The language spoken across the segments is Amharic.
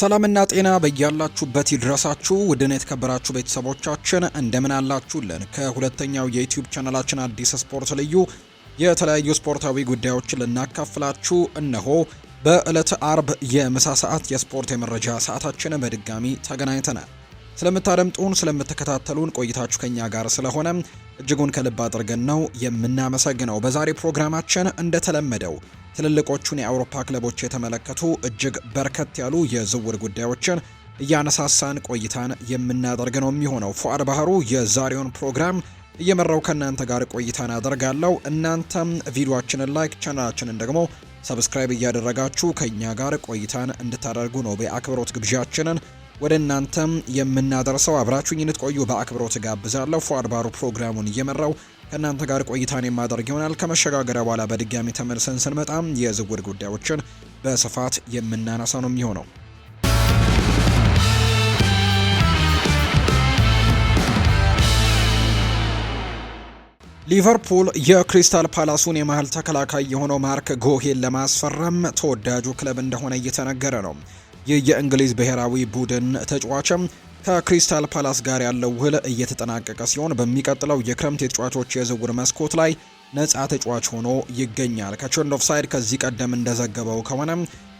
ሰላምና ጤና በያላችሁበት ይድረሳችሁ። ውድን የተከበራችሁ ቤተሰቦቻችን እንደምን አላችሁልን? ከሁለተኛው የዩቲዩብ ቻናላችን አዲስ ስፖርት ልዩ የተለያዩ ስፖርታዊ ጉዳዮችን ልናካፍላችሁ እነሆ በዕለተ አርብ የምሳ ሰዓት የስፖርት የመረጃ ሰዓታችን በድጋሚ ተገናኝተናል። ስለምታደምጡን፣ ስለምትከታተሉን ቆይታችሁ ከኛ ጋር ስለሆነ እጅጉን ከልብ አድርገን ነው የምናመሰግነው። በዛሬ ፕሮግራማችን እንደተለመደው ትልልቆቹን የአውሮፓ ክለቦች የተመለከቱ እጅግ በርከት ያሉ የዝውውር ጉዳዮችን እያነሳሳን ቆይታን የምናደርግ ነው የሚሆነው። ፉአድ ባህሩ የዛሬውን ፕሮግራም እየመራው ከእናንተ ጋር ቆይታን አደርጋለሁ። እናንተም ቪዲዮአችንን ላይክ፣ ቻናላችንን ደግሞ ሰብስክራይብ እያደረጋችሁ ከእኛ ጋር ቆይታን እንድታደርጉ ነው በአክብሮት ግብዣችንን ወደ እናንተም የምናደርሰው አብራችሁኝ እንድትቆዩ በአክብሮት ጋብዛለሁ። ፏድ ባሩ ፕሮግራሙን እየመራው ከእናንተ ጋር ቆይታን የማደርግ ይሆናል። ከመሸጋገሪያ በኋላ በድጋሚ ተመልሰን ስንመጣም የዝውውር ጉዳዮችን በስፋት የምናነሳ ነው የሚሆነው። ሊቨርፑል የክሪስታል ፓላሱን የመሀል ተከላካይ የሆነው ማርክ ጎሄን ለማስፈረም ተወዳጁ ክለብ እንደሆነ እየተነገረ ነው። ይህ የእንግሊዝ ብሔራዊ ቡድን ተጫዋችም ከክሪስታል ፓላስ ጋር ያለው ውህል እየተጠናቀቀ ሲሆን በሚቀጥለው የክረምት የተጫዋቾች የዝውውር መስኮት ላይ ነጻ ተጫዋች ሆኖ ይገኛል። ከቸንድ ኦፍ ሳይድ ከዚህ ቀደም እንደዘገበው ከሆነ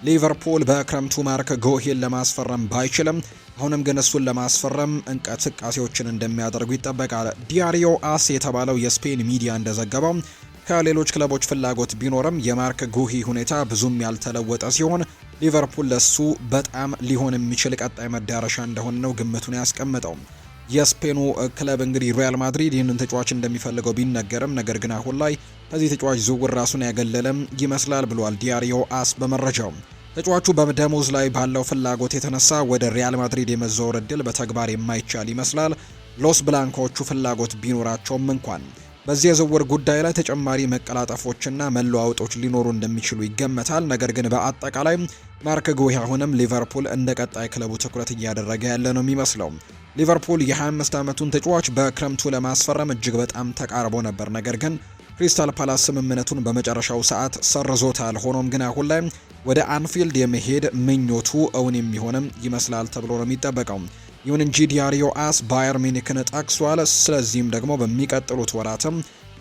ሊቨርፑል በክረምቱ ማርክ ጎሂን ለማስፈረም ባይችልም አሁንም ግን እሱን ለማስፈረም እንቅስቃሴዎችን እንደሚያደርጉ ይጠበቃል። ዲያሪዮ አስ የተባለው የስፔን ሚዲያ እንደዘገበው ከሌሎች ክለቦች ፍላጎት ቢኖርም የማርክ ጉሂ ሁኔታ ብዙም ያልተለወጠ ሲሆን ሊቨርፑል ለሱ በጣም ሊሆን የሚችል ቀጣይ መዳረሻ እንደሆነ ነው ግምቱን ያስቀምጠው። የስፔኑ ክለብ እንግዲህ ሪያል ማድሪድ ይህንን ተጫዋች እንደሚፈልገው ቢነገርም ነገር ግን አሁን ላይ ከዚህ ተጫዋች ዝውውር ራሱን ያገለለም ይመስላል ብሏል ዲያሪዮ አስ በመረጃው። ተጫዋቹ በደሞዝ ላይ ባለው ፍላጎት የተነሳ ወደ ሪያል ማድሪድ የመዘወር እድል በተግባር የማይቻል ይመስላል ሎስ ብላንኮቹ ፍላጎት ቢኖራቸውም እንኳን በዚህ የዝውውር ጉዳይ ላይ ተጨማሪ መቀላጠፎችና መለዋወጦች ሊኖሩ እንደሚችሉ ይገመታል። ነገር ግን በአጠቃላይ ማርክ ጉሂ አሁንም ሊቨርፑል እንደ ቀጣይ ክለቡ ትኩረት እያደረገ ያለ ነው የሚመስለው። ሊቨርፑል የ25 ዓመቱን ተጫዋች በክረምቱ ለማስፈረም እጅግ በጣም ተቃርቦ ነበር፣ ነገር ግን ክሪስታል ፓላስ ስምምነቱን በመጨረሻው ሰዓት ሰርዞታል። ሆኖም ግን አሁን ላይ ወደ አንፊልድ የመሄድ ምኞቱ እውን የሚሆንም ይመስላል ተብሎ ነው የሚጠበቀው። ይሁን እንጂ ዲያሪዮ አስ ባየር ሚኒክን ጠቅሷል። ስለዚህም ደግሞ በሚቀጥሉት ወራትም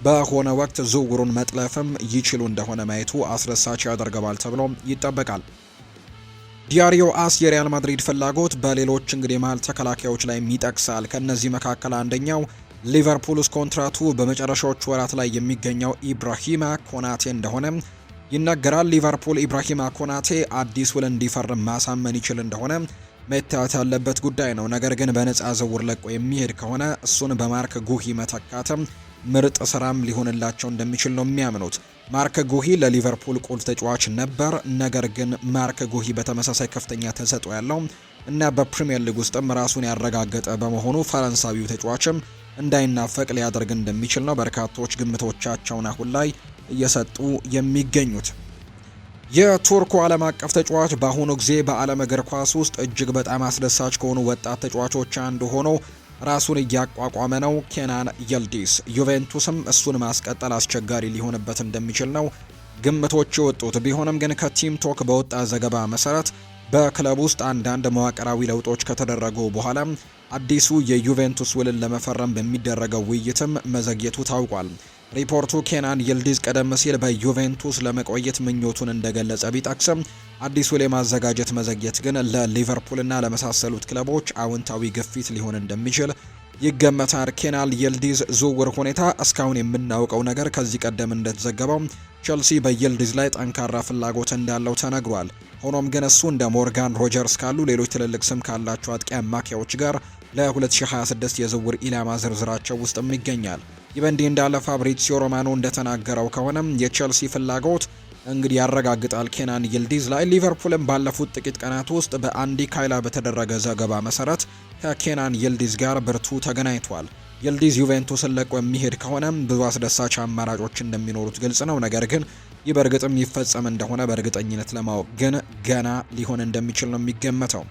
በሆነ ወቅት ዝውውሩን መጥለፍም ይችሉ እንደሆነ ማየቱ አስደሳች ያደርገዋል ተብሎ ይጠበቃል። ዲያሪዮ አስ የሪያል ማድሪድ ፍላጎት በሌሎች እንግዲህ መሀል ተከላካዮች ላይ ይጠቅሳል። ከእነዚህ መካከል አንደኛው ሊቨርፑል ውስጥ ኮንትራቱ በመጨረሻዎቹ ወራት ላይ የሚገኘው ኢብራሂማ ኮናቴ እንደሆነ ይነገራል። ሊቨርፑል ኢብራሂማ ኮናቴ አዲስ ውል እንዲፈርም ማሳመን ይችል እንደሆነ መታየት ያለበት ጉዳይ ነው። ነገር ግን በነፃ ዝውውር ለቆ የሚሄድ ከሆነ እሱን በማርክ ጉሂ መተካትም ምርጥ ስራም ሊሆንላቸው እንደሚችል ነው የሚያምኑት። ማርክ ጉሂ ለሊቨርፑል ቁልፍ ተጫዋች ነበር። ነገር ግን ማርክ ጉሂ በተመሳሳይ ከፍተኛ ተሰጥኦ ያለው እና በፕሪምየር ሊግ ውስጥም ራሱን ያረጋገጠ በመሆኑ ፈረንሳዊው ተጫዋችም እንዳይናፈቅ ሊያደርግ እንደሚችል ነው በርካቶች ግምቶቻቸውን አሁን ላይ እየሰጡ የሚገኙት። የቱርኩ ዓለም አቀፍ ተጫዋች በአሁኑ ጊዜ በዓለም እግር ኳስ ውስጥ እጅግ በጣም አስደሳች ከሆኑ ወጣት ተጫዋቾች አንዱ ሆኖ ራሱን እያቋቋመ ነው። ኬናን የልዲስ ዩቬንቱስም እሱን ማስቀጠል አስቸጋሪ ሊሆንበት እንደሚችል ነው ግምቶች የወጡት ቢሆንም ግን ከቲም ቶክ በወጣ ዘገባ መሰረት በክለብ ውስጥ አንዳንድ መዋቅራዊ ለውጦች ከተደረጉ በኋላ አዲሱ የዩቬንቱስ ውልን ለመፈረም በሚደረገው ውይይትም መዘግየቱ ታውቋል። ሪፖርቱ ኬናን ይልዲዝ ቀደም ሲል በዩቬንቱስ ለመቆየት ምኞቱን እንደገለጸ ቢጠቅስም አዲሱ የማዘጋጀት መዘግየት ግን ለሊቨርፑልና ለመሳሰሉት ክለቦች አዎንታዊ ግፊት ሊሆን እንደሚችል ይገመታል። ኬናል የልዲዝ ዝውውር ሁኔታ እስካሁን የምናውቀው ነገር ከዚህ ቀደም እንደተዘገበው ቸልሲ በየልዲዝ ላይ ጠንካራ ፍላጎት እንዳለው ተነግሯል። ሆኖም ግን እሱ እንደ ሞርጋን ሮጀርስ ካሉ ሌሎች ትልልቅ ስም ካላቸው አጥቂ አማካዮች ጋር ለ2026 የዝውውር ኢላማ ዝርዝራቸው ውስጥም ይገኛል። ይህ በእንዲህ እንዳለ ፋብሪሲዮ ሮማኖ እንደተናገረው ከሆነም የቼልሲ ፍላጎት እንግዲህ ያረጋግጣል ኬናን ይልዲዝ ላይ። ሊቨርፑልም ባለፉት ጥቂት ቀናት ውስጥ በአንዲ ካይላ በተደረገ ዘገባ መሰረት ከኬናን ይልዲዝ ጋር ብርቱ ተገናኝቷል። ይልዲዝ ዩቬንቱስን ለቆ የሚሄድ ከሆነም ብዙ አስደሳች አማራጮች እንደሚኖሩት ግልጽ ነው። ነገር ግን ይህ በእርግጥም ይፈጸም እንደሆነ በእርግጠኝነት ለማወቅ ግን ገና ሊሆን እንደሚችል ነው የሚገመተው።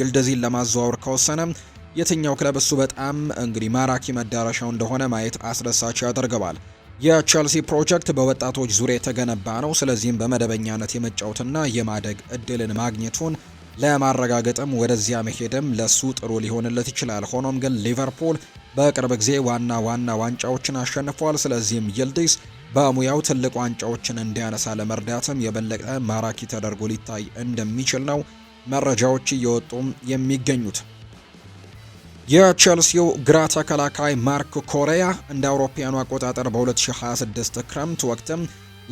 ይልዲዝን ለማዘዋወር ከወሰነም የትኛው ክለብ እሱ በጣም እንግዲህ ማራኪ መዳረሻው እንደሆነ ማየት አስደሳች ያደርገዋል። የቼልሲ ፕሮጀክት በወጣቶች ዙሪያ የተገነባ ነው። ስለዚህም በመደበኛነት የመጫወትና የማደግ እድልን ማግኘቱን ለማረጋገጥም ወደዚያ መሄድም ለሱ ጥሩ ሊሆንለት ይችላል። ሆኖም ግን ሊቨርፑል በቅርብ ጊዜ ዋና ዋና ዋንጫዎችን አሸንፏል። ስለዚህም ይልዲዝ በሙያው ትልቅ ዋንጫዎችን እንዲያነሳ ለመርዳትም የበለጠ ማራኪ ተደርጎ ሊታይ እንደሚችል ነው መረጃዎች እየወጡም የሚገኙት። የቼልሲው ግራ ተከላካይ ማርክ ኮሪያ እንደ አውሮፓያኑ አቆጣጠር በ2026 ክረምት ወቅትም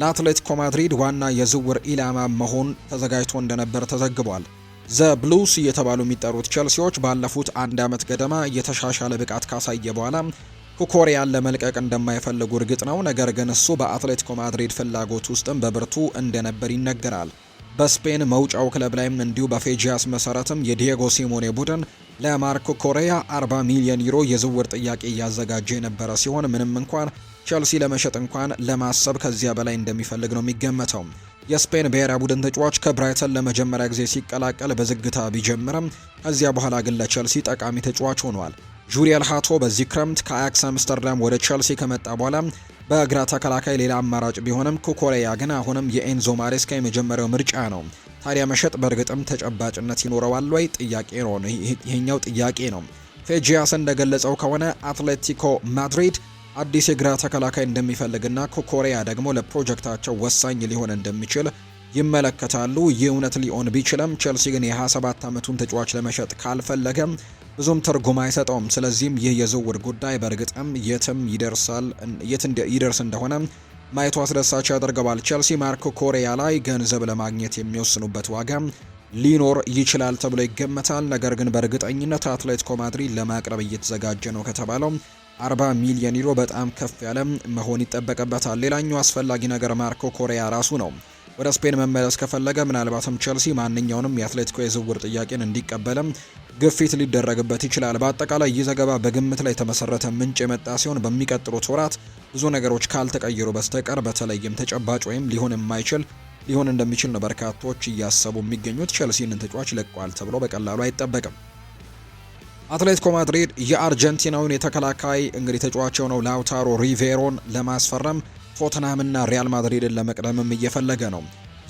ለአትሌቲኮ ማድሪድ ዋና የዝውውር ኢላማ መሆን ተዘጋጅቶ እንደነበር ተዘግቧል። ዘ ብሉስ እየተባሉ የሚጠሩት ቼልሲዎች ባለፉት አንድ ዓመት ገደማ የተሻሻለ ብቃት ካሳየ በኋላ ኩኮሪያን ለመልቀቅ እንደማይፈልጉ እርግጥ ነው። ነገር ግን እሱ በአትሌቲኮ ማድሪድ ፍላጎት ውስጥም በብርቱ እንደነበር ይነገራል። በስፔን መውጫው ክለብ ላይም እንዲሁ በፌጂያስ መሰረትም የዲየጎ ሲሞኔ ቡድን ለማርኮ ኮሪያ 40 ሚሊዮን ዩሮ የዝውውር ጥያቄ እያዘጋጀ የነበረ ሲሆን ምንም እንኳን ቸልሲ ለመሸጥ እንኳን ለማሰብ ከዚያ በላይ እንደሚፈልግ ነው የሚገመተው። የስፔን ብሔራዊ ቡድን ተጫዋች ከብራይተን ለመጀመሪያ ጊዜ ሲቀላቀል በዝግታ ቢጀምርም ከዚያ በኋላ ግን ለቸልሲ ጠቃሚ ተጫዋች ሆኗል። ጁሪየል ሃቶ በዚህ ክረምት ከአያክስ አምስተርዳም ወደ ቸልሲ ከመጣ በኋላ በግራ ተከላካይ ሌላ አማራጭ ቢሆንም ኩኮሬያ ግን አሁንም የኤንዞ ማሬስካ የመጀመሪያው ምርጫ ነው። ታዲያ መሸጥ በእርግጥም ተጨባጭነት ይኖረዋል ወይ? ጥያቄ ነው። ይሄኛው ጥያቄ ነው። ፌጂያስ እንደገለጸው ከሆነ አትሌቲኮ ማድሪድ አዲስ የግራ ተከላካይ እንደሚፈልግና ኩኮሬያ ደግሞ ለፕሮጀክታቸው ወሳኝ ሊሆን እንደሚችል ይመለከታሉ። ይህ እውነት ሊሆን ቢችልም ቼልሲ ግን የ27 ዓመቱን ተጫዋች ለመሸጥ ካልፈለገም ብዙም ትርጉም አይሰጠውም። ስለዚህም ይህ የዝውውር ጉዳይ በእርግጥም የትም ይደርሳል የት ይደርስ እንደሆነ ማየቱ አስደሳች ያደርገዋል። ቼልሲ ማርኮ ኮሪያ ላይ ገንዘብ ለማግኘት የሚወስኑበት ዋጋ ሊኖር ይችላል ተብሎ ይገመታል። ነገር ግን በእርግጠኝነት አትሌቲኮ ማድሪድ ለማቅረብ እየተዘጋጀ ነው ከተባለው 40 ሚሊዮን ዩሮ በጣም ከፍ ያለ መሆን ይጠበቅበታል። ሌላኛው አስፈላጊ ነገር ማርኮ ኮሪያ ራሱ ነው። ወደ ስፔን መመለስ ከፈለገ ምናልባትም ቸልሲ ማንኛውንም የአትሌቲኮ የዝውውር ጥያቄን እንዲቀበልም ግፊት ሊደረግበት ይችላል። በአጠቃላይ ይህ ዘገባ በግምት ላይ የተመሰረተ ምንጭ የመጣ ሲሆን በሚቀጥሉት ወራት ብዙ ነገሮች ካልተቀየሩ በስተቀር በተለይም ተጨባጭ ወይም ሊሆን የማይችል ሊሆን እንደሚችል ነው በርካቶች እያሰቡ የሚገኙት። ቸልሲንን ተጫዋች ለቋል ተብሎ በቀላሉ አይጠበቅም። አትሌቲኮ ማድሪድ የአርጀንቲናውን የተከላካይ እንግዲህ ተጫዋቸው ነው ላውታሮ ሪቬሮን ለማስፈረም ቶተንሃምና ሪያል ማድሪድን ለመቅደምም እየፈለገ ነው።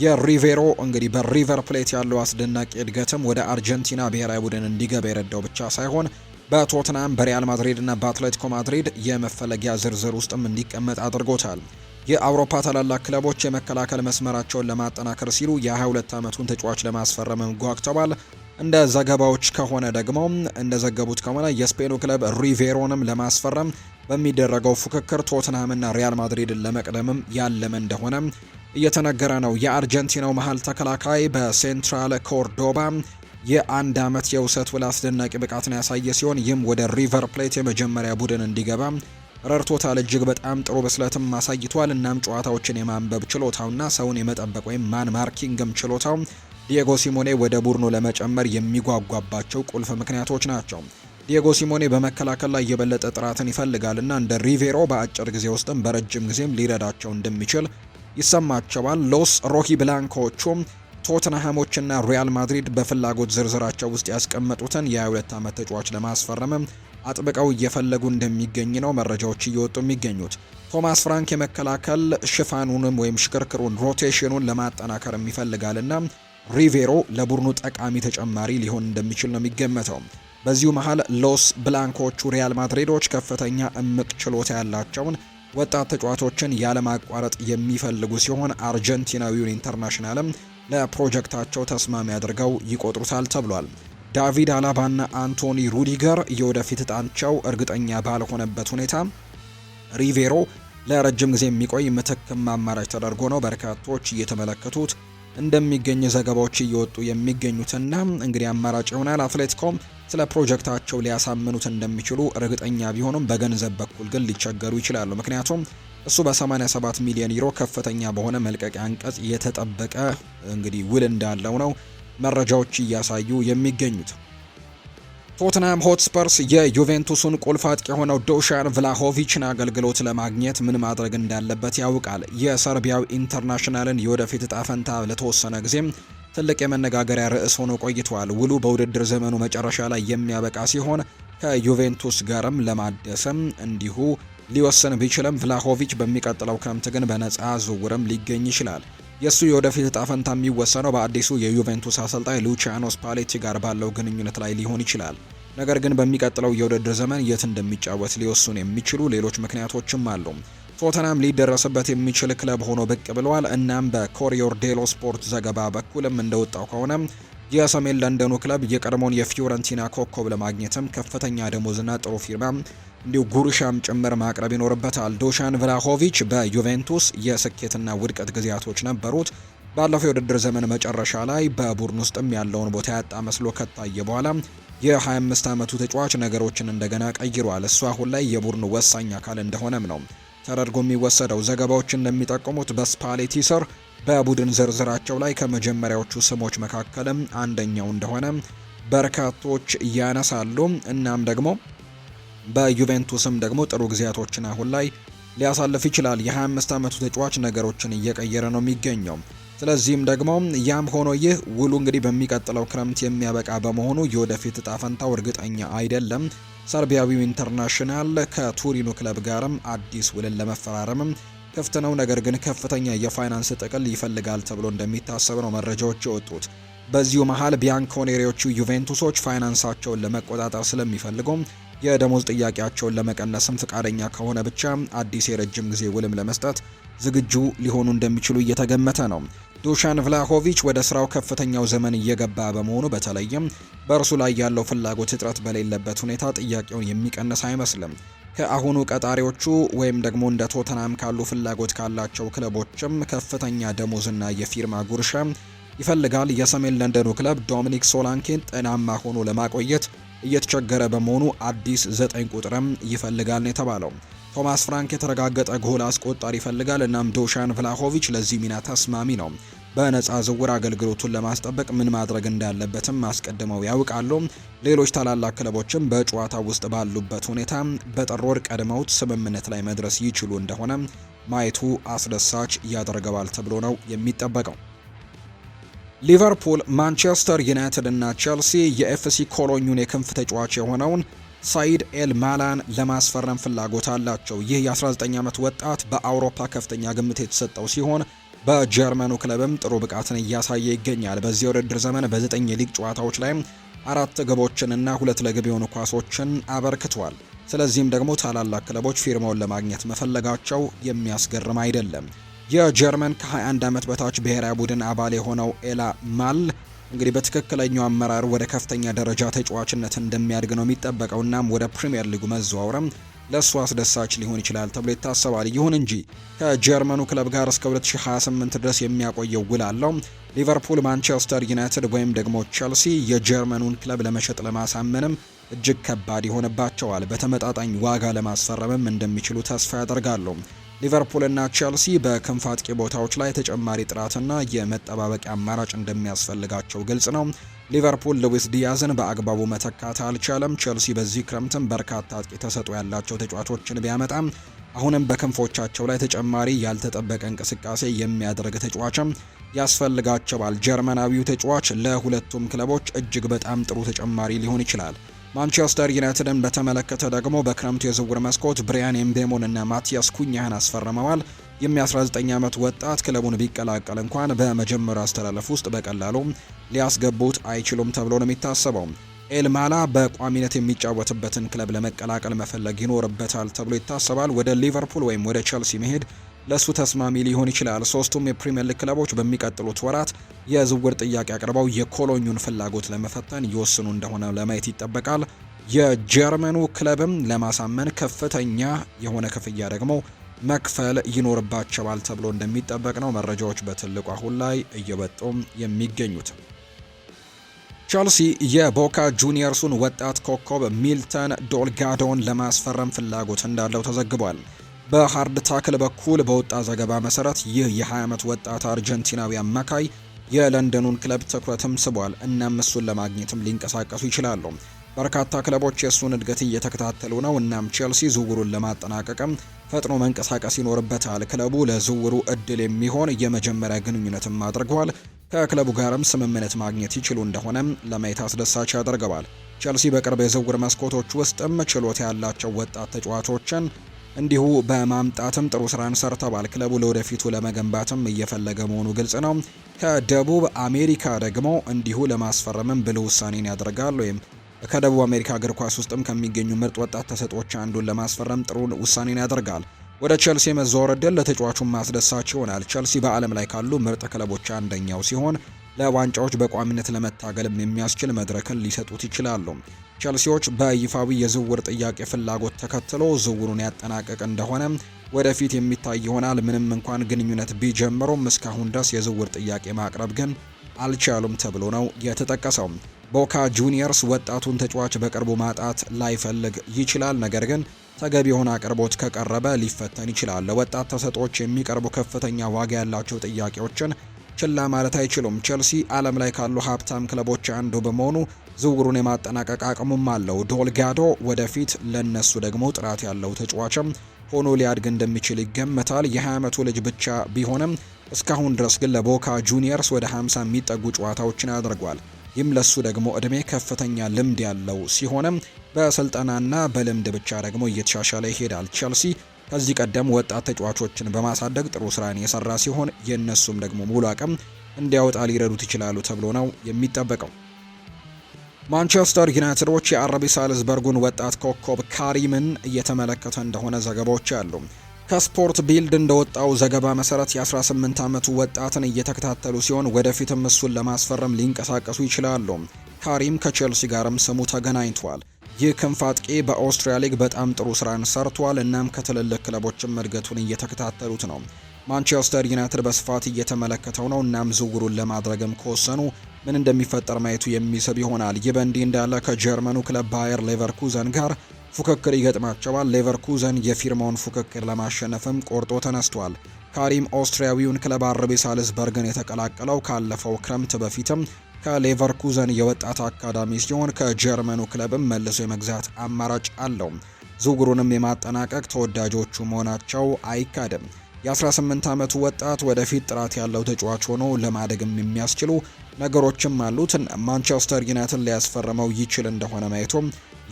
የሪቬሮ እንግዲህ በሪቨር ፕሌት ያለው አስደናቂ እድገትም ወደ አርጀንቲና ብሔራዊ ቡድን እንዲገባ የረዳው ብቻ ሳይሆን በቶትናም በሪያል ማድሪድ እና በአትሌቲኮ ማድሪድ የመፈለጊያ ዝርዝር ውስጥም እንዲቀመጥ አድርጎታል። የአውሮፓ ታላላቅ ክለቦች የመከላከል መስመራቸውን ለማጠናከር ሲሉ የ22 ዓመቱን ተጫዋች ለማስፈረምም ጓግተዋል። እንደ ዘገባዎች ከሆነ ደግሞ እንደዘገቡት ከሆነ የስፔኑ ክለብ ሪቬሮንም ለማስፈረም በሚደረገው ፉክክር ቶትንሃምና ሪያል ማድሪድን ለመቅደምም ያለመ እንደሆነ እየተነገረ ነው። የአርጀንቲናው መሀል ተከላካይ በሴንትራል ኮርዶባ የአንድ ዓመት የውሰት ውል አስደናቂ ብቃትን ያሳየ ሲሆን ይህም ወደ ሪቨር ፕሌት የመጀመሪያ ቡድን እንዲገባ ረድቶታል። እጅግ በጣም ጥሩ ብስለትም አሳይቷል። እናም ጨዋታዎችን የማንበብ ችሎታውና ሰውን የመጠበቅ ወይም ማን ማርኪንግም ችሎታው ዲየጎ ሲሞኔ ወደ ቡድኑ ለመጨመር የሚጓጓባቸው ቁልፍ ምክንያቶች ናቸው። ዲየጎ ሲሞኔ በመከላከል ላይ የበለጠ ጥራትን ይፈልጋልና እንደ ሪቬሮ በአጭር ጊዜ ውስጥም በረጅም ጊዜም ሊረዳቸው እንደሚችል ይሰማቸዋል። ሎስ ሮኪ ብላንኮቹም ቶትንሃሞችና ሪያል ማድሪድ በፍላጎት ዝርዝራቸው ውስጥ ያስቀመጡትን የ22 ዓመት ተጫዋች ለማስፈረምም አጥብቀው እየፈለጉ እንደሚገኝ ነው መረጃዎች እየወጡ የሚገኙት። ቶማስ ፍራንክ የመከላከል ሽፋኑንም ወይም ሽክርክሩን ሮቴሽኑን ለማጠናከር ይፈልጋልና ሪቬሮ ለቡድኑ ጠቃሚ ተጨማሪ ሊሆን እንደሚችል ነው የሚገመተው። በዚሁ መሀል ሎስ ብላንኮቹ ሪያል ማድሪዶች ከፍተኛ እምቅ ችሎታ ያላቸውን ወጣት ተጫዋቾችን ያለማቋረጥ የሚፈልጉ ሲሆን አርጀንቲናዊውን ኢንተርናሽናልም ለፕሮጀክታቸው ተስማሚ አድርገው ይቆጥሩታል ተብሏል። ዳቪድ አላባና አንቶኒ ሩዲገር የወደፊት እጣቸው እርግጠኛ ባልሆነበት ሁኔታ ሪቬሮ ለረጅም ጊዜ የሚቆይ ምትክም አማራጭ ተደርጎ ነው በርካቶች እየተመለከቱት እንደሚገኝ ዘገባዎች እየወጡ የሚገኙትና እንግዲህ አማራጭ ይሆናል። አትሌቲኮም ስለ ፕሮጀክታቸው ሊያሳምኑት እንደሚችሉ እርግጠኛ ቢሆኑም በገንዘብ በኩል ግን ሊቸገሩ ይችላሉ። ምክንያቱም እሱ በ87 ሚሊዮን ዩሮ ከፍተኛ በሆነ መልቀቂያ አንቀጽ የተጠበቀ እንግዲህ ውል እንዳለው ነው መረጃዎች እያሳዩ የሚገኙት። ቶትንሃም ሆትስፐርስ የዩቬንቱሱን ቁልፍ አጥቂ የሆነው ዶሻን ቭላሆቪችን አገልግሎት ለማግኘት ምን ማድረግ እንዳለበት ያውቃል። የሰርቢያው ኢንተርናሽናልን የወደፊት እጣ ፈንታ ለተወሰነ ጊዜም ትልቅ የመነጋገሪያ ርዕስ ሆኖ ቆይቷል። ውሉ በውድድር ዘመኑ መጨረሻ ላይ የሚያበቃ ሲሆን ከዩቬንቱስ ጋርም ለማደሰም እንዲሁ ሊወሰን ቢችልም ቭላሆቪች በሚቀጥለው ክረምት ግን በነፃ ዝውውርም ሊገኝ ይችላል። የእሱ የወደፊት እጣ ፈንታ የሚወሰነው በአዲሱ የዩቬንቱስ አሰልጣኝ ሉቺያኖ ስፓሌቲ ጋር ባለው ግንኙነት ላይ ሊሆን ይችላል። ነገር ግን በሚቀጥለው የውድድር ዘመን የት እንደሚጫወት ሊወሱን የሚችሉ ሌሎች ምክንያቶችም አሉ። ቶተናም ሊደረስበት የሚችል ክለብ ሆኖ ብቅ ብሏል። እናም በኮሪዮር ዴሎ ስፖርት ዘገባ በኩልም እንደወጣው ከሆነ የሰሜን ለንደኑ ክለብ የቀድሞውን የፊዮረንቲና ኮከብ ለማግኘትም ከፍተኛ ደሞዝና ጥሩ ፊርማ እንዲሁ ጉርሻም ጭምር ማቅረብ ይኖርበታል። ዶሻን ቭላሆቪች በዩቬንቱስ የስኬትና ውድቀት ጊዜያቶች ነበሩት። ባለፈው የውድድር ዘመን መጨረሻ ላይ በቡድን ውስጥም ያለውን ቦታ ያጣ መስሎ ከታየ በኋላ የ25 ዓመቱ ተጫዋች ነገሮችን እንደገና ቀይሯል። እሱ አሁን ላይ የቡድኑ ወሳኝ አካል እንደሆነም ነው ተደርጎ የሚወሰደው። ዘገባዎች እንደሚጠቁሙት በስፓሌቲ ስር በቡድን ዝርዝራቸው ላይ ከመጀመሪያዎቹ ስሞች መካከልም አንደኛው እንደሆነ በርካቶች ያነሳሉ። እናም ደግሞ በዩቬንቱስም ደግሞ ጥሩ ጊዜያቶችን አሁን ላይ ሊያሳልፍ ይችላል። የ25 ዓመቱ ተጫዋች ነገሮችን እየቀየረ ነው የሚገኘው። ስለዚህም ደግሞ ያም ሆኖ ይህ ውሉ እንግዲህ በሚቀጥለው ክረምት የሚያበቃ በመሆኑ የወደፊት እጣ ፈንታው እርግጠኛ አይደለም። ሰርቢያዊው ኢንተርናሽናል ከቱሪኑ ክለብ ጋርም አዲስ ውልን ለመፈራረምም ክፍት ነው። ነገር ግን ከፍተኛ የፋይናንስ ጥቅል ይፈልጋል ተብሎ እንደሚታሰብ ነው መረጃዎች የወጡት። በዚሁ መሃል ቢያንኮኔሪዎቹ ዩቬንቱሶች ፋይናንሳቸውን ለመቆጣጠር ስለሚፈልጉም የደሞዝ ጥያቄያቸውን ለመቀነስም ፍቃደኛ ከሆነ ብቻ አዲስ የረጅም ጊዜ ውልም ለመስጠት ዝግጁ ሊሆኑ እንደሚችሉ እየተገመተ ነው። ዱሻን ቭላሆቪች ወደ ስራው ከፍተኛው ዘመን እየገባ በመሆኑ በተለይም በእርሱ ላይ ያለው ፍላጎት እጥረት በሌለበት ሁኔታ ጥያቄውን የሚቀንስ አይመስልም። ከአሁኑ ቀጣሪዎቹ ወይም ደግሞ እንደ ቶተናም ካሉ ፍላጎት ካላቸው ክለቦችም ከፍተኛ ደሞዝና የፊርማ ጉርሻ ይፈልጋል። የሰሜን ለንደኑ ክለብ ዶሚኒክ ሶላንኬን ጤናማ ሆኖ ለማቆየት እየተቸገረ በመሆኑ አዲስ ዘጠኝ ቁጥርም ይፈልጋል ነው የተባለው። ቶማስ ፍራንክ የተረጋገጠ ጎል አስቆጣሪ ይፈልጋል። እናም ዶሻን ቭላሆቪች ለዚህ ሚና ተስማሚ ነው። በነፃ ዝውውር አገልግሎቱን ለማስጠበቅ ምን ማድረግ እንዳለበትም አስቀድመው ያውቃሉ። ሌሎች ታላላቅ ክለቦችም በጨዋታ ውስጥ ባሉበት ሁኔታ በጥር ወር ቀድመውት ስምምነት ላይ መድረስ ይችሉ እንደሆነ ማየቱ አስደሳች ያደርገዋል ተብሎ ነው የሚጠበቀው። ሊቨርፑል፣ ማንቸስተር ዩናይትድ እና ቼልሲ የኤፍሲ ኮሎኙን የክንፍ ተጫዋች የሆነውን ሳይድ ኤል ማላን ለማስፈረም ፍላጎት አላቸው። ይህ የ19 ዓመት ወጣት በአውሮፓ ከፍተኛ ግምት የተሰጠው ሲሆን በጀርመኑ ክለብም ጥሩ ብቃትን እያሳየ ይገኛል። በዚህ የውድድር ዘመን በዘጠኝ የሊግ ጨዋታዎች ላይ አራት ግቦችንና ሁለት ለግብ የሆኑ ኳሶችን አበርክቷል። ስለዚህም ደግሞ ታላላቅ ክለቦች ፊርማውን ለማግኘት መፈለጋቸው የሚያስገርም አይደለም። የጀርመን ከ21 ዓመት በታች ብሔራዊ ቡድን አባል የሆነው ኤላ ማል እንግዲህ በትክክለኛው አመራር ወደ ከፍተኛ ደረጃ ተጫዋችነት እንደሚያድግ ነው የሚጠበቀው። እናም ወደ ፕሪምየር ሊጉ መዘዋወርም ለእሱ አስደሳች ሊሆን ይችላል ተብሎ ይታሰባል። ይሁን እንጂ ከጀርመኑ ክለብ ጋር እስከ 2028 ድረስ የሚያቆየው ውል አለው። ሊቨርፑል፣ ማንቸስተር ዩናይትድ ወይም ደግሞ ቸልሲ የጀርመኑን ክለብ ለመሸጥ ለማሳመንም እጅግ ከባድ ይሆንባቸዋል። በተመጣጣኝ ዋጋ ለማስፈረምም እንደሚችሉ ተስፋ ያደርጋሉ። ሊቨርፑልና ቸልሲ በክንፍ አጥቂ ቦታዎች ላይ ተጨማሪ ጥራትና የመጠባበቂያ አማራጭ እንደሚያስፈልጋቸው ግልጽ ነው። ሊቨርፑል ሉዊስ ዲያዝን በአግባቡ መተካት አልቻለም። ቼልሲ በዚህ ክረምትም በርካታ አጥቂ ተሰጥኦ ያላቸው ተጫዋቾችን ቢያመጣም አሁንም በክንፎቻቸው ላይ ተጨማሪ ያልተጠበቀ እንቅስቃሴ የሚያደርግ ተጫዋችም ያስፈልጋቸዋል። ጀርመናዊው ተጫዋች ለሁለቱም ክለቦች እጅግ በጣም ጥሩ ተጨማሪ ሊሆን ይችላል። ማንቸስተር ዩናይትድን በተመለከተ ደግሞ በክረምቱ የዝውውር መስኮት ብሪያን ኤምቤሞን እና ማቲያስ ኩኛህን አስፈርመዋል። የሚ 19 ዓመት ወጣት ክለቡን ቢቀላቀል እንኳን በመጀመሪያ አስተላለፍ ውስጥ በቀላሉ ሊያስገቡት አይችሉም ተብሎ ነው የሚታሰበው። ኤልማላ በቋሚነት የሚጫወትበትን ክለብ ለመቀላቀል መፈለግ ይኖርበታል ተብሎ ይታሰባል። ወደ ሊቨርፑል ወይም ወደ ቸልሲ መሄድ ለሱ ተስማሚ ሊሆን ይችላል። ሶስቱም የፕሪምየር ሊግ ክለቦች በሚቀጥሉት ወራት የዝውውር ጥያቄ አቅርበው የኮሎኙን ፍላጎት ለመፈተን ይወስኑ እንደሆነ ለማየት ይጠበቃል። የጀርመኑ ክለብም ለማሳመን ከፍተኛ የሆነ ክፍያ ደግሞ መክፈል ይኖርባቸዋል ተብሎ እንደሚጠበቅ ነው መረጃዎች በትልቁ አሁን ላይ እየወጡም የሚገኙት። ቸልሲ የቦካ ጁኒየርሱን ወጣት ኮከብ ሚልተን ዶልጋዶን ለማስፈረም ፍላጎት እንዳለው ተዘግቧል። በሃርድ ታክል በኩል በወጣ ዘገባ መሰረት ይህ የ20 ዓመት ወጣት አርጀንቲናዊ አማካይ የለንደኑን ክለብ ትኩረትም ስቧል። እናም እሱን ለማግኘትም ሊንቀሳቀሱ ይችላሉ። በርካታ ክለቦች የእሱን እድገት እየተከታተሉ ነው። እናም ቼልሲ ዝውውሩን ለማጠናቀቅም ፈጥኖ መንቀሳቀስ ይኖርበታል። ክለቡ ለዝውውሩ እድል የሚሆን የመጀመሪያ ግንኙነትም አድርጓል። ከክለቡ ጋርም ስምምነት ማግኘት ይችሉ እንደሆነ ለማየት አስደሳች ያደርገዋል። ቼልሲ በቅርብ የዝውውር መስኮቶች ውስጥም ችሎታ ያላቸው ወጣት ተጫዋቾችን እንዲሁ በማምጣትም ጥሩ ስራን ሰርተዋል። ክለቡ ለወደፊቱ ለመገንባትም እየፈለገ መሆኑ ግልጽ ነው። ከደቡብ አሜሪካ ደግሞ እንዲሁ ለማስፈረምም ብልህ ውሳኔን ያደርጋል ወይም ከደቡብ አሜሪካ እግር ኳስ ውስጥም ከሚገኙ ምርጥ ወጣት ተሰጦች አንዱን ለማስፈረም ጥሩ ውሳኔን ያደርጋል። ወደ ቸልሲ መዛወር ዕድል ለተጫዋቹን ማስደሳች ይሆናል። ቸልሲ በዓለም ላይ ካሉ ምርጥ ክለቦች አንደኛው ሲሆን ለዋንጫዎች በቋሚነት ለመታገልም የሚያስችል መድረክን ሊሰጡት ይችላሉ። ቸልሲዎች በይፋዊ የዝውውር ጥያቄ ፍላጎት ተከትሎ ዝውውሩን ያጠናቀቅ እንደሆነ ወደፊት የሚታይ ይሆናል። ምንም እንኳን ግንኙነት ቢጀምሩም እስካሁን ድረስ የዝውውር ጥያቄ ማቅረብ ግን አልቻሉም ተብሎ ነው የተጠቀሰው። ቦካ ጁኒየርስ ወጣቱን ተጫዋች በቅርቡ ማጣት ላይፈልግ ይችላል። ነገር ግን ተገቢ የሆነ አቅርቦት ከቀረበ ሊፈተን ይችላል። ለወጣት ተሰጦች የሚቀርቡ ከፍተኛ ዋጋ ያላቸው ጥያቄዎችን ችላ ማለት አይችሉም። ቼልሲ ዓለም ላይ ካሉ ሀብታም ክለቦች አንዱ በመሆኑ ዝውውሩን የማጠናቀቅ አቅሙም አለው። ዶልጋዶ ወደፊት ለነሱ ደግሞ ጥራት ያለው ተጫዋችም ሆኖ ሊያድግ እንደሚችል ይገመታል። የ20 ዓመቱ ልጅ ብቻ ቢሆንም እስካሁን ድረስ ግን ለቦካ ጁኒየርስ ወደ 50 የሚጠጉ ጨዋታዎችን አድርጓል። ይህም ለሱ ደግሞ እድሜ ከፍተኛ ልምድ ያለው ሲሆንም በስልጠናና በልምድ ብቻ ደግሞ እየተሻሻለ ይሄዳል። ቼልሲ ከዚህ ቀደም ወጣት ተጫዋቾችን በማሳደግ ጥሩ ስራን የሰራ ሲሆን የእነሱም ደግሞ ሙሉ አቅም እንዲያወጣ ሊረዱት ይችላሉ ተብሎ ነው የሚጠበቀው። ማንቸስተር ዩናይትዶች የአረቢ ሳልዝበርጉን ወጣት ኮከብ ካሪምን እየተመለከተ እንደሆነ ዘገባዎች አሉ። ከስፖርት ቢልድ እንደወጣው ዘገባ መሰረት የ18 ዓመቱ ወጣትን እየተከታተሉ ሲሆን ወደፊትም እሱን ለማስፈረም ሊንቀሳቀሱ ይችላሉ። ካሪም ከቼልሲ ጋርም ስሙ ተገናኝቷል። ይህ ክንፍ አጥቂ በኦስትሪያ ሊግ በጣም ጥሩ ስራን ሰርቷል። እናም ከትልልቅ ክለቦችም እድገቱን እየተከታተሉት ነው። ማንቸስተር ዩናይትድ በስፋት እየተመለከተው ነው። እናም ዝውውሩን ለማድረግም ከወሰኑ ምን እንደሚፈጠር ማየቱ የሚስብ ይሆናል። ይህ በእንዲህ እንዳለ ከጀርመኑ ክለብ ባየር ሌቨርኩዘን ጋር ፉክክር ይገጥማቸዋል። ሌቨርኩዘን የፊርማውን ፉክክር ለማሸነፍም ቆርጦ ተነስቷል። ካሪም ኦስትሪያዊውን ክለብ አርቤ ሳልዝበርግን የተቀላቀለው ካለፈው ክረምት በፊትም ከሌቨርኩዘን የወጣት አካዳሚ ሲሆን ከጀርመኑ ክለብም መልሶ የመግዛት አማራጭ አለው። ዝውውሩንም የማጠናቀቅ ተወዳጆቹ መሆናቸው አይካድም። የ18 ዓመቱ ወጣት ወደፊት ጥራት ያለው ተጫዋች ሆኖ ለማደግም የሚያስችሉ ነገሮችም አሉት። ማንቸስተር ዩናይትድ ሊያስፈርመው ይችል እንደሆነ ማየቱም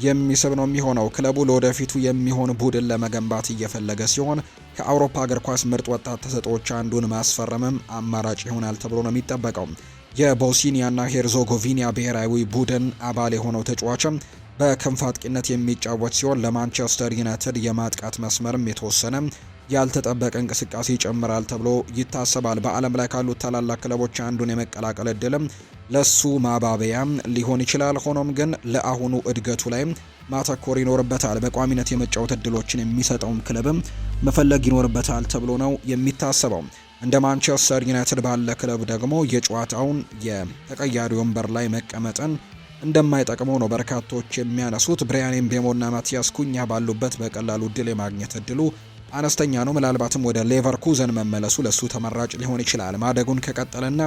የሚስብ ነው የሚሆነው። ክለቡ ለወደፊቱ የሚሆን ቡድን ለመገንባት እየፈለገ ሲሆን ከአውሮፓ እግር ኳስ ምርጥ ወጣት ተሰጥኦዎች አንዱን ማስፈረምም አማራጭ ይሆናል ተብሎ ነው የሚጠበቀው። የቦስኒያና ሄርዞጎቪና ብሔራዊ ቡድን አባል የሆነው ተጫዋችም በክንፍ አጥቂነት የሚጫወት ሲሆን ለማንቸስተር ዩናይትድ የማጥቃት መስመርም የተወሰነ ያልተጠበቀ እንቅስቃሴ ይጨምራል ተብሎ ይታሰባል። በዓለም ላይ ካሉት ታላላቅ ክለቦች አንዱን የመቀላቀል እድልም ለሱ ማባበያም ሊሆን ይችላል። ሆኖም ግን ለአሁኑ እድገቱ ላይ ማተኮር ይኖርበታል። በቋሚነት የመጫወት እድሎችን የሚሰጠውም ክለብም መፈለግ ይኖርበታል ተብሎ ነው የሚታሰበው። እንደ ማንቸስተር ዩናይትድ ባለ ክለብ ደግሞ የጨዋታውን የተቀያሪ ወንበር ላይ መቀመጥን እንደማይጠቅመው ነው በርካቶች የሚያነሱት። ብሪያን ምቤሞና ማቲያስ ኩኛ ባሉበት በቀላሉ ድል የማግኘት እድሉ አነስተኛ ነው። ምናልባትም ወደ ሌቨርኩዘን መመለሱ ለሱ ተመራጭ ሊሆን ይችላል። ማደጉን ከቀጠለና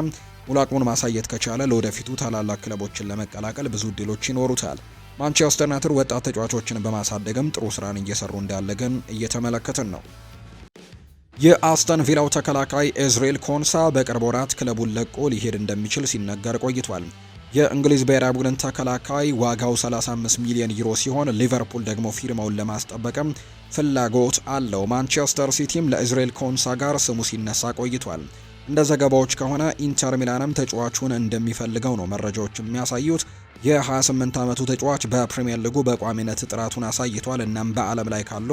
ሙሉ አቅሙን ማሳየት ከቻለ ለወደፊቱ ታላላቅ ክለቦችን ለመቀላቀል ብዙ እድሎች ይኖሩታል። ማንቸስተር ዩናይትድ ወጣት ተጫዋቾችን በማሳደግም ጥሩ ስራን እየሰሩ እንዳለ ግን እየተመለከትን ነው። የአስተን ቪላው ተከላካይ ኤዝሬል ኮንሳ በቅርብ ወራት ክለቡን ለቆ ሊሄድ እንደሚችል ሲነገር ቆይቷል። የእንግሊዝ ብሔራዊ ቡድን ተከላካይ ዋጋው 35 ሚሊዮን ዩሮ ሲሆን ሊቨርፑል ደግሞ ፊርማውን ለማስጠበቅም ፍላጎት አለው። ማንቸስተር ሲቲም ለእስራኤል ኮንሳ ጋር ስሙ ሲነሳ ቆይቷል። እንደ ዘገባዎች ከሆነ ኢንተር ሚላንም ተጫዋቹን እንደሚፈልገው ነው መረጃዎች የሚያሳዩት። የ28 ዓመቱ ተጫዋች በፕሪምየር ሊጉ በቋሚነት ጥራቱን አሳይቷል። እናም በዓለም ላይ ካሉ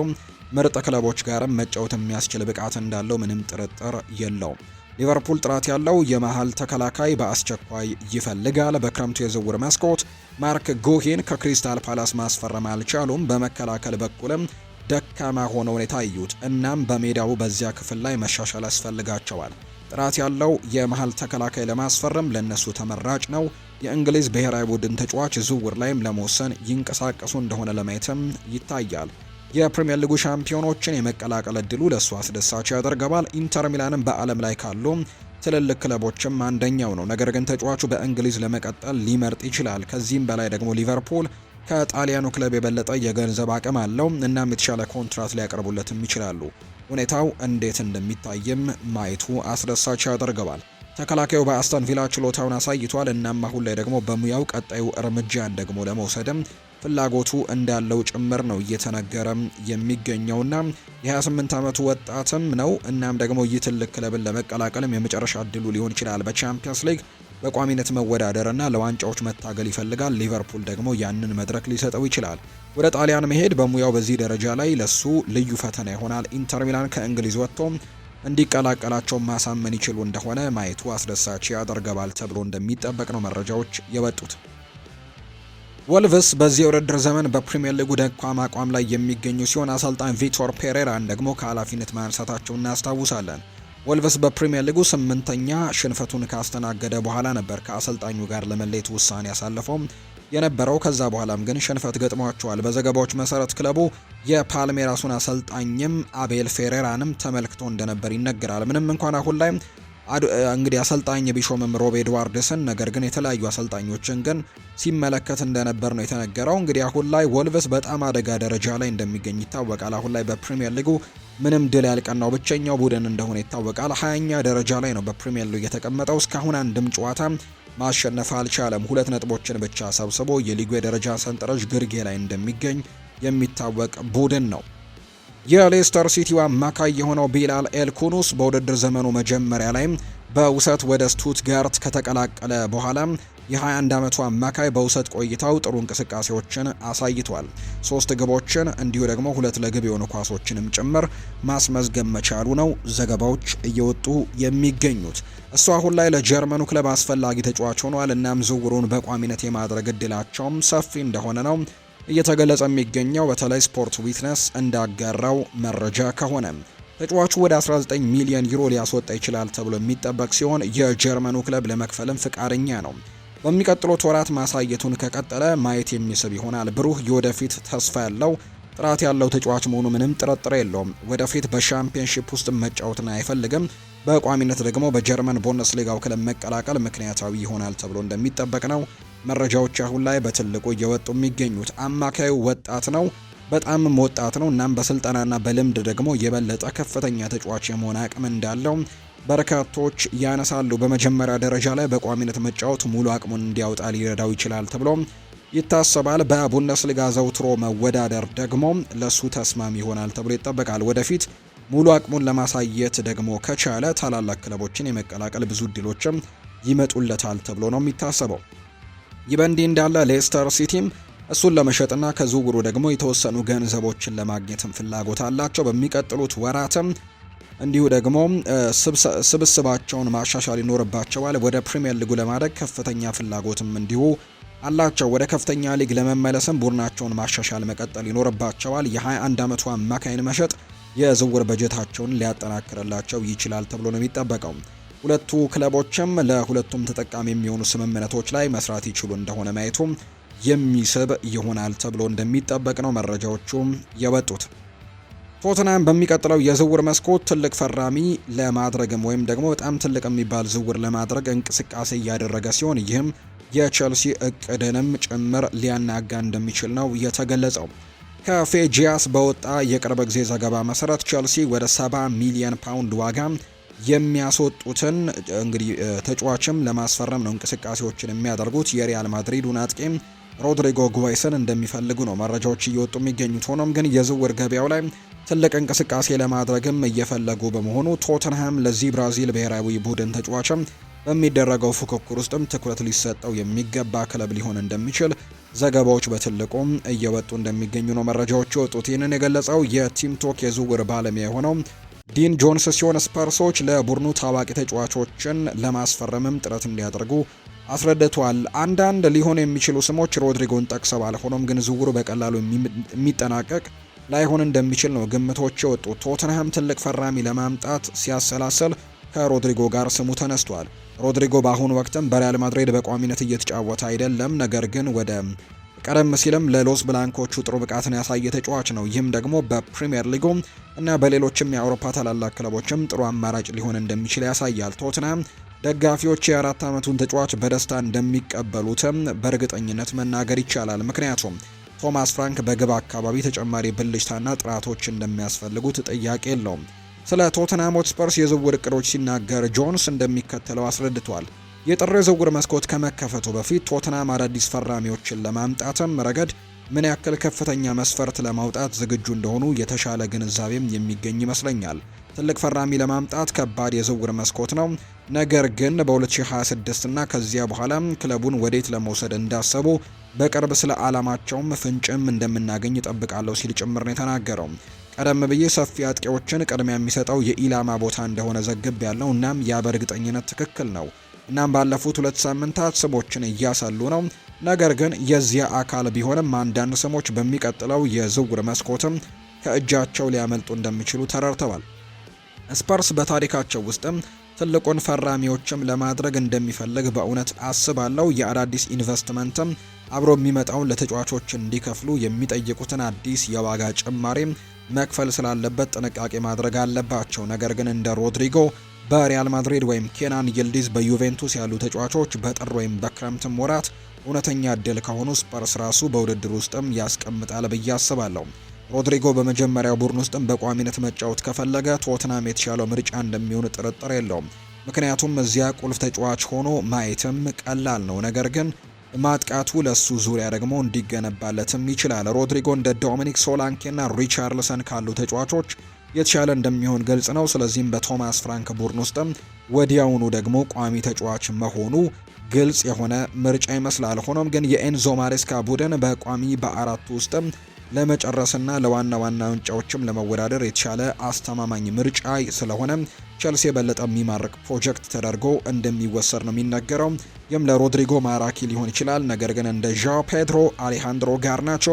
ምርጥ ክለቦች ጋርም መጫወት የሚያስችል ብቃት እንዳለው ምንም ጥርጥር የለውም። ሊቨርፑል ጥራት ያለው የመሀል ተከላካይ በአስቸኳይ ይፈልጋል። በክረምቱ የዝውውር መስኮት ማርክ ጎሄን ከክሪስታል ፓላስ ማስፈረም አልቻሉም። በመከላከል በኩልም ደካማ ሆነውን የታዩት እናም በሜዳው በዚያ ክፍል ላይ መሻሻል ያስፈልጋቸዋል። ጥራት ያለው የመሀል ተከላካይ ለማስፈረም ለነሱ ተመራጭ ነው። የእንግሊዝ ብሔራዊ ቡድን ተጫዋች ዝውውር ላይም ለመወሰን ይንቀሳቀሱ እንደሆነ ለማየትም ይታያል። የፕሪምየር ሊጉ ሻምፒዮኖችን የመቀላቀል እድሉ ለእሱ አስደሳች ያደርገዋል። ኢንተር ሚላንም በዓለም ላይ ካሉ ትልልቅ ክለቦችም አንደኛው ነው። ነገር ግን ተጫዋቹ በእንግሊዝ ለመቀጠል ሊመርጥ ይችላል። ከዚህም በላይ ደግሞ ሊቨርፑል ከጣሊያኑ ክለብ የበለጠ የገንዘብ አቅም አለው። እናም የተሻለ ኮንትራት ሊያቀርቡለትም ይችላሉ። ሁኔታው እንዴት እንደሚታይም ማየቱ አስደሳች ያደርገዋል። ተከላካዩ በአስተን ቪላ ችሎታውን አሳይቷል። እናም አሁን ላይ ደግሞ በሙያው ቀጣዩ እርምጃን ደግሞ ለመውሰድም ፍላጎቱ እንዳለው ጭምር ነው እየተነገረም የሚገኘውና የ28 ዓመቱ ወጣትም ነው። እናም ደግሞ ይህ ትልቅ ክለብን ለመቀላቀልም የመጨረሻ እድሉ ሊሆን ይችላል። በቻምፒየንስ ሊግ በቋሚነት መወዳደርና ለዋንጫዎች መታገል ይፈልጋል። ሊቨርፑል ደግሞ ያንን መድረክ ሊሰጠው ይችላል። ወደ ጣሊያን መሄድ በሙያው በዚህ ደረጃ ላይ ለሱ ልዩ ፈተና ይሆናል። ኢንተር ሚላን ከእንግሊዝ ወጥቶ እንዲቀላቀላቸው ማሳመን ይችሉ እንደሆነ ማየቱ አስደሳች ያደርገዋል ተብሎ እንደሚጠበቅ ነው መረጃዎች የወጡት። ወልቭስ በዚህ የውድድር ዘመን በፕሪምየር ሊጉ ደካማ አቋም ላይ የሚገኙ ሲሆን አሰልጣኝ ቪቶር ፔሬራን ደግሞ ከኃላፊነት ማንሳታቸው እናስታውሳለን። ወልቭስ በፕሪምየር ሊጉ ስምንተኛ ሽንፈቱን ካስተናገደ በኋላ ነበር ከአሰልጣኙ ጋር ለመለየት ውሳኔ ያሳለፈው የነበረው። ከዛ በኋላም ግን ሽንፈት ገጥሟቸዋል። በዘገባዎች መሰረት ክለቡ የፓልሜራሱን አሰልጣኝም አቤል ፌሬራንም ተመልክቶ እንደነበር ይነገራል። ምንም እንኳን አሁን ላይ እንግዲህ አሰልጣኝ ቢሾምም ሮብ ኤድዋርድስን ነገር ግን የተለያዩ አሰልጣኞችን ግን ሲመለከት እንደነበር ነው የተነገረው። እንግዲህ አሁን ላይ ወልቭስ በጣም አደጋ ደረጃ ላይ እንደሚገኝ ይታወቃል። አሁን ላይ በፕሪምየር ሊጉ ምንም ድል ያልቀናው ብቸኛው ቡድን እንደሆነ ይታወቃል። ሀያኛ ደረጃ ላይ ነው በፕሪምየር ሊጉ የተቀመጠው። እስካሁን አንድም ጨዋታ ማሸነፍ አልቻለም። ሁለት ነጥቦችን ብቻ ሰብስቦ የሊጉ የደረጃ ሰንጠረዥ ግርጌ ላይ እንደሚገኝ የሚታወቅ ቡድን ነው። የሌስተር ሲቲው አማካይ የሆነው ቢላል ኤልኩኑስ በውድድር ዘመኑ መጀመሪያ ላይ በውሰት ወደ ስቱትጋርት ከተቀላቀለ በኋላ የ21 ዓመቱ አማካይ በውሰት ቆይታው ጥሩ እንቅስቃሴዎችን አሳይቷል። ሶስት ግቦችን እንዲሁ ደግሞ ሁለት ለግብ የሆኑ ኳሶችንም ጭምር ማስመዝገብ መቻሉ ነው ዘገባዎች እየወጡ የሚገኙት። እሱ አሁን ላይ ለጀርመኑ ክለብ አስፈላጊ ተጫዋች ሆኗል። እናም ዝውውሩን በቋሚነት የማድረግ እድላቸውም ሰፊ እንደሆነ ነው እየተገለጸ የሚገኘው በተለይ ስፖርት ዊትነስ እንዳጋራው መረጃ ከሆነ ተጫዋቹ ወደ 19 ሚሊዮን ዩሮ ሊያስወጣ ይችላል ተብሎ የሚጠበቅ ሲሆን የጀርመኑ ክለብ ለመክፈልም ፍቃደኛ ነው። በሚቀጥሉት ወራት ማሳየቱን ከቀጠለ ማየት የሚስብ ይሆናል። ብሩህ የወደፊት ተስፋ ያለው ጥራት ያለው ተጫዋች መሆኑ ምንም ጥርጥር የለውም። ወደፊት በሻምፒዮንሺፕ ውስጥ መጫወትን አይፈልግም። በቋሚነት ደግሞ በጀርመን ቡንደስሊጋው ክለብ መቀላቀል ምክንያታዊ ይሆናል ተብሎ እንደሚጠበቅ ነው መረጃዎች አሁን ላይ በትልቁ እየወጡ የሚገኙት አማካዩ ወጣት ነው፣ በጣምም ወጣት ነው። እናም በስልጠናና በልምድ ደግሞ የበለጠ ከፍተኛ ተጫዋች የመሆን አቅም እንዳለው በርካቶች ያነሳሉ። በመጀመሪያ ደረጃ ላይ በቋሚነት መጫወት ሙሉ አቅሙን እንዲያወጣ ሊረዳው ይችላል ተብሎ ይታሰባል። በቡንደስሊጋ ዘውትሮ መወዳደር ደግሞ ለሱ ተስማሚ ይሆናል ተብሎ ይጠበቃል። ወደፊት ሙሉ አቅሙን ለማሳየት ደግሞ ከቻለ ታላላቅ ክለቦችን የመቀላቀል ብዙ እድሎችም ይመጡለታል ተብሎ ነው የሚታሰበው። ይህ በእንዲህ እንዳለ ሌስተር ሲቲም እሱን ለመሸጥና ከዝውውሩ ደግሞ የተወሰኑ ገንዘቦችን ለማግኘትም ፍላጎት አላቸው። በሚቀጥሉት ወራትም እንዲሁ ደግሞ ስብስባቸውን ማሻሻል ይኖርባቸዋል። ወደ ፕሪምየር ሊጉ ለማድረግ ከፍተኛ ፍላጎትም እንዲሁ አላቸው። ወደ ከፍተኛ ሊግ ለመመለስም ቡድናቸውን ማሻሻል መቀጠል ይኖርባቸዋል። የ21 ዓመቱ አማካይን መሸጥ የዝውውር በጀታቸውን ሊያጠናክርላቸው ይችላል ተብሎ ነው የሚጠበቀው። ሁለቱ ክለቦችም ለሁለቱም ተጠቃሚ የሚሆኑ ስምምነቶች ላይ መስራት ይችሉ እንደሆነ ማየቱ የሚስብ ይሆናል ተብሎ እንደሚጠበቅ ነው መረጃዎቹም የወጡት። ቶትናም በሚቀጥለው የዝውውር መስኮት ትልቅ ፈራሚ ለማድረግም ወይም ደግሞ በጣም ትልቅ የሚባል ዝውውር ለማድረግ እንቅስቃሴ እያደረገ ሲሆን ይህም የቸልሲ እቅድንም ጭምር ሊያናጋ እንደሚችል ነው የተገለጸው። ከፌጂያስ በወጣ የቅርብ ጊዜ ዘገባ መሰረት ቼልሲ ወደ 70 ሚሊዮን ፓውንድ ዋጋ የሚያስወጡትን እንግዲህ ተጫዋችም ለማስፈረም ነው እንቅስቃሴዎችን የሚያደርጉት። የሪያል ማድሪዱን አጥቂም ሮድሪጎ ጉቫይሰን እንደሚፈልጉ ነው መረጃዎች እየወጡ የሚገኙት። ሆኖም ግን የዝውውር ገበያው ላይ ትልቅ እንቅስቃሴ ለማድረግም እየፈለጉ በመሆኑ ቶተንሃም ለዚህ ብራዚል ብሔራዊ ቡድን ተጫዋችም በሚደረገው ፉክክር ውስጥም ትኩረት ሊሰጠው የሚገባ ክለብ ሊሆን እንደሚችል ዘገባዎች በትልቁም እየወጡ እንደሚገኙ ነው መረጃዎች የወጡት። ይህንን የገለጸው የቲም ቶክ የዝውውር ባለሙያ የሆነው ዲን ጆንስ ሲሆን ስፐርሶች ለቡድኑ ታዋቂ ተጫዋቾችን ለማስፈረምም ጥረት እንዲያደርጉ አስረድቷል። አንዳንድ ሊሆን የሚችሉ ስሞች ሮድሪጎን ጠቅሰዋል። ሆኖም ግን ዝውውሩ በቀላሉ የሚጠናቀቅ ላይሆን እንደሚችል ነው ግምቶች የወጡት። ቶትንሃም ትልቅ ፈራሚ ለማምጣት ሲያሰላሰል ከሮድሪጎ ጋር ስሙ ተነስቷል። ሮድሪጎ በአሁኑ ወቅትም በሪያል ማድሪድ በቋሚነት እየተጫወተ አይደለም። ነገር ግን ወደ ቀደም ሲልም ለሎስ ብላንኮቹ ጥሩ ብቃትን ያሳየ ተጫዋች ነው። ይህም ደግሞ በፕሪምየር ሊጉ እና በሌሎችም የአውሮፓ ታላላቅ ክለቦችም ጥሩ አማራጭ ሊሆን እንደሚችል ያሳያል። ቶትናም ደጋፊዎች የአራት ዓመቱን ተጫዋች በደስታ እንደሚቀበሉትም በእርግጠኝነት መናገር ይቻላል። ምክንያቱም ቶማስ ፍራንክ በግብ አካባቢ ተጨማሪ ብልጭታና ጥራቶች እንደሚያስፈልጉት ጥያቄ የለውም። ስለ ቶትናም ሆትስፐርስ የዝውውር እቅዶች ሲናገር ጆንስ እንደሚከተለው አስረድቷል። የጥር ዝውውር መስኮት ከመከፈቱ በፊት ቶትናም አዳዲስ ፈራሚዎችን ለማምጣትም ረገድ ምን ያክል ከፍተኛ መስፈርት ለማውጣት ዝግጁ እንደሆኑ የተሻለ ግንዛቤም የሚገኝ ይመስለኛል። ትልቅ ፈራሚ ለማምጣት ከባድ የዝውውር መስኮት ነው። ነገር ግን በ2026 እና ከዚያ በኋላ ክለቡን ወዴት ለመውሰድ እንዳሰቡ በቅርብ ስለ ዓላማቸውም ፍንጭም እንደምናገኝ ይጠብቃለሁ ሲል ጭምር ነው የተናገረው። ቀደም ብዬ ሰፊ አጥቂዎችን ቅድሚያ የሚሰጠው የኢላማ ቦታ እንደሆነ ዘግብ ያለው እናም ያ በእርግጠኝነት ትክክል ነው። እናም ባለፉት ሁለት ሳምንታት ስሞችን እያሳሉ ነው። ነገር ግን የዚያ አካል ቢሆንም አንዳንድ ስሞች በሚቀጥለው የዝውውር መስኮትም ከእጃቸው ሊያመልጡ እንደሚችሉ ተረድተዋል። ስፐርስ በታሪካቸው ውስጥም ትልቁን ፈራሚዎችም ለማድረግ እንደሚፈልግ በእውነት አስባለው። የአዳዲስ ኢንቨስትመንትም አብሮ የሚመጣውን ለተጫዋቾች እንዲከፍሉ የሚጠይቁትን አዲስ የዋጋ ጭማሪ መክፈል ስላለበት ጥንቃቄ ማድረግ አለባቸው። ነገር ግን እንደ ሮድሪጎ በሪያል ማድሪድ ወይም ኬናን ይልዲዝ በዩቬንቱስ ያሉ ተጫዋቾች በጥር ወይም በክረምትም ወራት እውነተኛ እድል ከሆኑ ስፐርስ ራሱ በውድድር ውስጥም ያስቀምጣል ብዬ አስባለሁ። ሮድሪጎ በመጀመሪያው ቡድን ውስጥም በቋሚነት መጫወት ከፈለገ ቶትናም የተሻለው ምርጫ እንደሚሆን ጥርጥር የለውም። ምክንያቱም እዚያ ቁልፍ ተጫዋች ሆኖ ማየትም ቀላል ነው። ነገር ግን ማጥቃቱ ለሱ ዙሪያ ደግሞ እንዲገነባለትም ይችላል። ሮድሪጎ እንደ ዶሚኒክ ሶላንኬና ሪቻርልሰን ካሉ ተጫዋቾች የተሻለ እንደሚሆን ግልጽ ነው። ስለዚህም በቶማስ ፍራንክ ቡድን ውስጥም ወዲያውኑ ደግሞ ቋሚ ተጫዋች መሆኑ ግልጽ የሆነ ምርጫ ይመስላል። ሆኖም ግን የኤንዞ ማሬስካ ቡድን በቋሚ በአራቱ ውስጥም ለመጨረስና ለዋና ዋና ውንጫዎችም ለመወዳደር የተሻለ አስተማማኝ ምርጫ ስለሆነ ቸልሲ የበለጠ የሚማርክ ፕሮጀክት ተደርጎ እንደሚወሰድ ነው የሚነገረው። ይህም ለሮድሪጎ ማራኪ ሊሆን ይችላል። ነገር ግን እንደ ዣ ፔድሮ፣ አሌሃንድሮ ጋርናቾ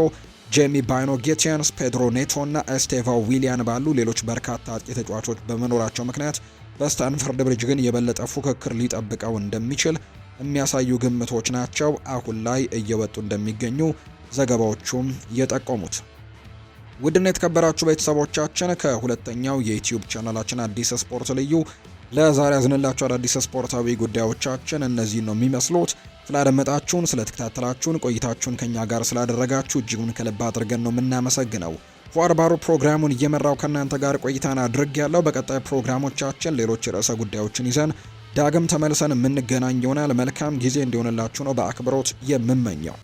ጄሚ ባይኖ ጌቲያንስ፣ ፔድሮ ኔቶ እና ኤስቴቫ ዊሊያን ባሉ ሌሎች በርካታ አጥቂ ተጫዋቾች በመኖራቸው ምክንያት በስታንፈርድ ብሪጅ ግን የበለጠ ፉክክር ሊጠብቀው እንደሚችል የሚያሳዩ ግምቶች ናቸው አሁን ላይ እየወጡ እንደሚገኙ ዘገባዎቹም የጠቆሙት። ውድና የተከበራችሁ ቤተሰቦቻችን ከሁለተኛው የዩትዩብ ቻናላችን አዲስ ስፖርት ልዩ ለዛሬ ያዝንላችሁ አዳዲስ ስፖርታዊ ጉዳዮቻችን እነዚህን ነው የሚመስሉት። ስላደመጣችሁን፣ ስለተከታተላችሁን፣ ቆይታችሁን ከኛ ጋር ስላደረጋችሁ እጅጉን ከልብ አድርገን ነው የምናመሰግነው። ፏርባሩ ፕሮግራሙን እየመራው ከእናንተ ጋር ቆይታን አድርግ ያለው። በቀጣይ ፕሮግራሞቻችን ሌሎች ርዕሰ ጉዳዮችን ይዘን ዳግም ተመልሰን የምንገናኝ ይሆናል። መልካም ጊዜ እንዲሆንላችሁ ነው በአክብሮት የምመኘው።